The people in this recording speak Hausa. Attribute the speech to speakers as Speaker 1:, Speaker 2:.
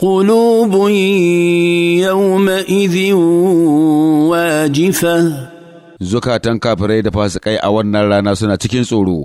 Speaker 1: قلوب يومئذ واجفة
Speaker 2: زكاة كافرين فاسقين أولنا لنا سنة تكين